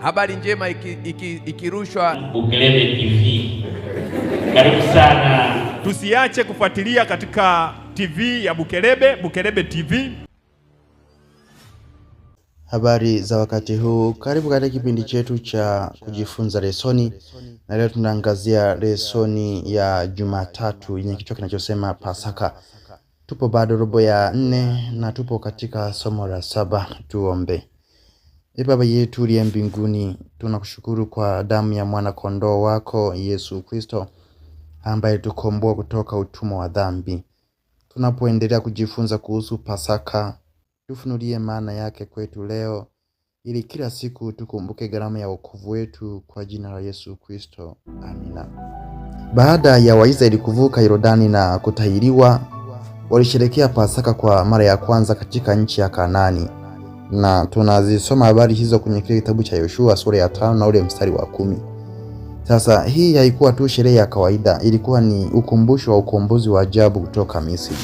Habari njema ikirushwa iki, iki Bukelebe TV. Karibu sana, tusiache kufuatilia katika TV ya Bukelebe, Bukelebe TV. Habari za wakati huu, karibu katika kipindi chetu cha kujifunza lesoni, na leo tunaangazia lesoni ya Jumatatu yenye kichwa kinachosema Pasaka. Tupo bado robo ya nne na tupo katika somo la saba. Tuombe. E Baba yetu uliye mbinguni, tunakushukuru kwa damu ya mwana kondoo wako Yesu Kristo ambaye tukomboa kutoka utumwa wa dhambi. Tunapoendelea kujifunza kuhusu Pasaka, tufunulie maana yake kwetu leo, ili kila siku tukumbuke gharama ya wokovu wetu kwa jina la Yesu Kristo. Amina. Baada ya Waisraeli kuvuka Yordani na kutahiriwa, walisherekea Pasaka kwa mara ya kwanza katika nchi ya kanani na tunazisoma habari hizo kwenye kile kitabu cha Yoshua sura ya tano na ule mstari wa kumi. Sasa hii haikuwa tu sherehe ya kawaida, ilikuwa ni ukumbusho wa ukombozi wa ajabu kutoka Misri.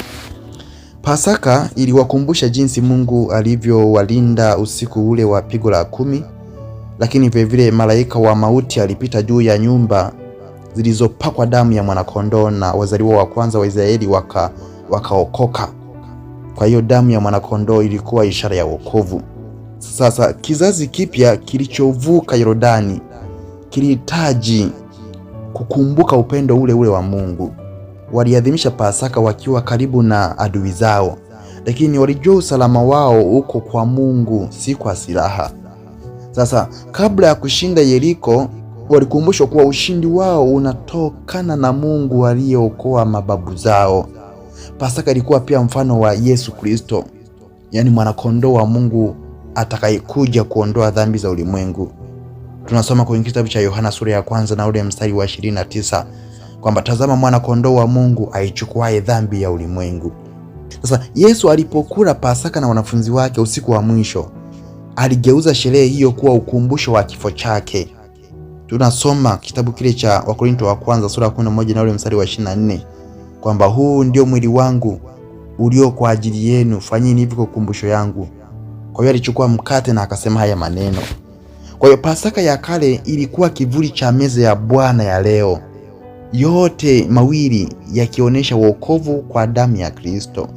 Pasaka iliwakumbusha jinsi Mungu alivyowalinda usiku ule wa pigo la kumi, lakini vilevile malaika wa mauti alipita juu ya nyumba zilizopakwa damu ya mwanakondoo na wazaliwa wa kwanza wa Israeli wakaokoka waka kwa hiyo damu ya mwanakondoo ilikuwa ishara ya wokovu. Sasa kizazi kipya kilichovuka Yordani kilihitaji kukumbuka upendo ule ule wa Mungu. Waliadhimisha Pasaka wakiwa karibu na adui zao, lakini walijua usalama wao uko kwa Mungu, si kwa silaha. Sasa kabla ya kushinda Yeriko, walikumbushwa kuwa ushindi wao unatokana na Mungu aliyeokoa mababu zao. Pasaka ilikuwa pia mfano wa Yesu Kristo, yaani mwanakondoo wa Mungu atakayekuja kuondoa dhambi za ulimwengu. Tunasoma kwenye kitabu cha Yohana sura ya kwanza na ule mstari wa 29 kwamba tazama, mwana kondoo wa Mungu aichukuaye dhambi ya ulimwengu. Sasa Yesu alipokula Pasaka na wanafunzi wake usiku wa mwisho, aligeuza sherehe hiyo kuwa ukumbusho wa kifo chake. Tunasoma kitabu kile cha Wakorinto wa kwanza sura ya 11 na ule mstari wa 24 kwamba huu ndio mwili wangu ulio kwa ajili yenu, fanyeni hivi kwa kumbusho yangu. Kwa hiyo alichukua mkate na akasema haya maneno. Kwa hiyo Pasaka ya kale ilikuwa kivuli cha meza ya Bwana ya leo, yote mawili yakionyesha wokovu kwa damu ya Kristo.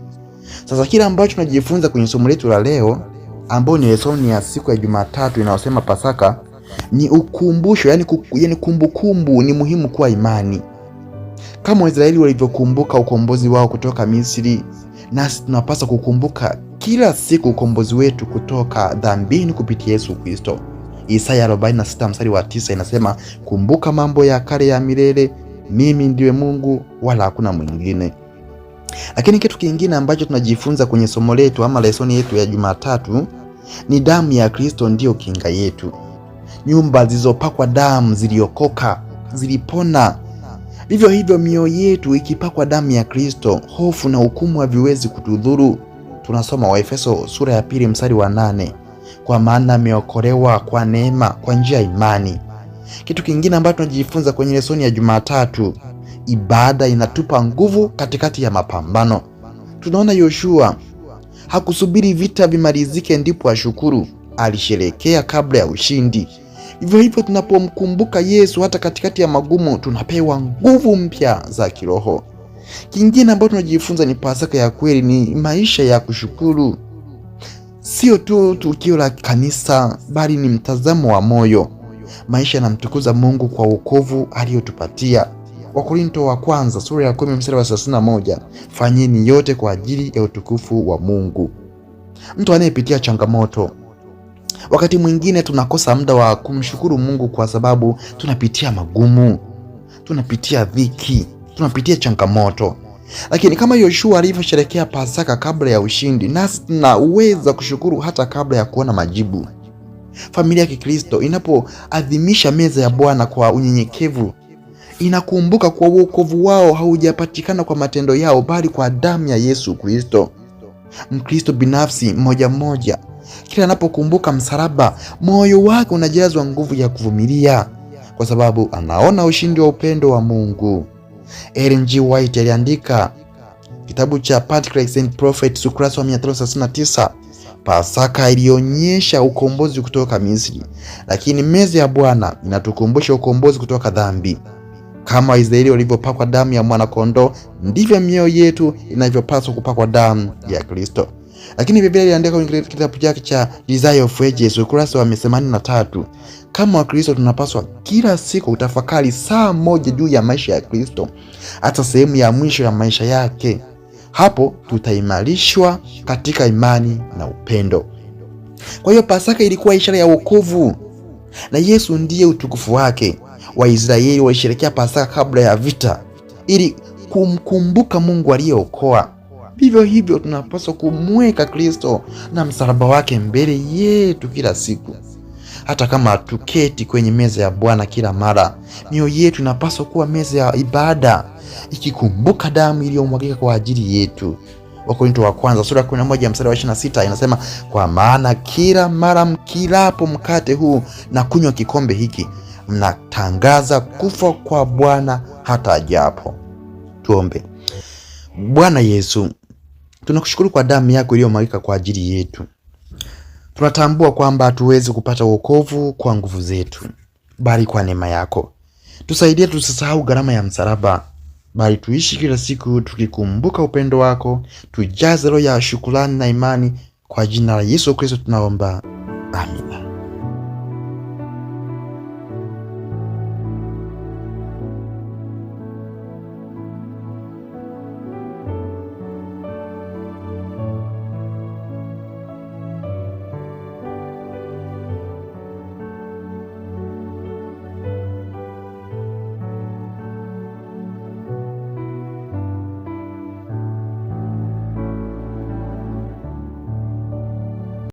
Sasa kile ambacho tunajifunza kwenye somo letu la leo ambayo ni lesoni ya siku ya Jumatatu inayosema Pasaka ni ukumbusho, yani kumbukumbu, yani kumbu, ni muhimu kuwa imani kama Waisraeli walivyokumbuka ukombozi wao kutoka Misri, nasi tunapaswa kukumbuka kila siku ukombozi wetu kutoka dhambini kupitia Yesu Kristo. Isaya 46 mstari wa 9 inasema, kumbuka mambo ya kale ya milele, mimi ndiwe Mungu wala hakuna mwingine. Lakini kitu kingine ambacho tunajifunza kwenye somo letu ama lesoni yetu ya Jumatatu ni damu ya Kristo ndiyo kinga yetu. Nyumba zilizopakwa damu ziliokoka, zilipona Vivyo hivyo mioyo yetu ikipakwa damu ya Kristo, hofu na hukumu haviwezi kutudhuru. Tunasoma Waefeso sura ya pili mstari wa nane, kwa maana ameokolewa kwa neema kwa njia ya imani. Kitu kingine ambacho tunajifunza kwenye lesoni ya Jumatatu, ibada inatupa nguvu katikati ya mapambano. Tunaona Yoshua hakusubiri vita vimalizike ndipo ashukuru, alisherekea kabla ya ushindi. Hivyo hivyo tunapomkumbuka Yesu hata katikati ya magumu, tunapewa nguvu mpya za kiroho. Kingine ambacho tunajifunza ni Pasaka ya kweli ni maisha ya kushukuru. Sio tu tukio la kanisa, bali ni mtazamo wa moyo. Maisha yanamtukuza Mungu kwa wokovu aliyotupatia. Wakorinto wa kwanza sura ya 10 mstari wa 31, fanyeni yote kwa ajili ya utukufu wa Mungu. Mtu anayepitia changamoto Wakati mwingine tunakosa muda wa kumshukuru Mungu kwa sababu tunapitia magumu, tunapitia dhiki, tunapitia changamoto. Lakini kama Yoshua alivyosherekea Pasaka kabla ya ushindi, nasi tunaweza kushukuru hata kabla ya kuona majibu. Familia ya Kikristo inapoadhimisha meza ya Bwana kwa unyenyekevu, inakumbuka kuwa wokovu wao haujapatikana kwa matendo yao, bali kwa damu ya Yesu Kristo. Mkristo binafsi mmoja mmoja kila anapokumbuka msalaba, moyo wake unajazwa nguvu ya kuvumilia, kwa sababu anaona ushindi wa upendo wa Mungu. Ellen G. White aliandika kitabu cha Patriarchs and Prophets ukurasa wa 369. Pasaka ilionyesha ukombozi kutoka Misri, lakini meza ya Bwana inatukumbusha ukombozi kutoka dhambi. Kama Waisraeli walivyopakwa damu ya mwanakondoo, ndivyo mioyo yetu inavyopaswa kupakwa damu ya Kristo. Lakini Biblia iliandika kwenye kitabu chake cha Desire of Ages ukurasa wa 83, kama Wakristo tunapaswa kila siku utafakari saa moja juu ya maisha ya Kristo, hata sehemu ya mwisho ya maisha yake. Hapo tutaimarishwa katika imani na upendo. Kwa hiyo Pasaka ilikuwa ishara ya wokovu na Yesu ndiye utukufu wake. Waisraeli walisherekea Pasaka kabla ya vita ili kumkumbuka Mungu aliyeokoa. Vivyo hivyo tunapaswa kumweka Kristo na msalaba wake mbele yetu kila siku. Hata kama tuketi kwenye meza ya Bwana kila mara, mioyo yetu inapaswa kuwa meza ya ibada, ikikumbuka damu iliyomwagika kwa ajili yetu. Wakorinto wa kwanza sura ya 11 mstari wa 26 inasema, kwa maana kila mara mkilapo mkate huu na kunywa kikombe hiki mnatangaza kufa kwa Bwana hata ajapo. Tuombe. Bwana Yesu, Tunakushukuru kwa damu yako iliyomwagika kwa ajili yetu. Tunatambua kwamba hatuwezi kupata wokovu kwa nguvu zetu, bali kwa neema yako. Tusaidie tusisahau gharama ya msalaba, bali tuishi kila siku tukikumbuka upendo wako. Tujaze roho ya shukrani na imani. Kwa jina la Yesu Kristo tunaomba, amin.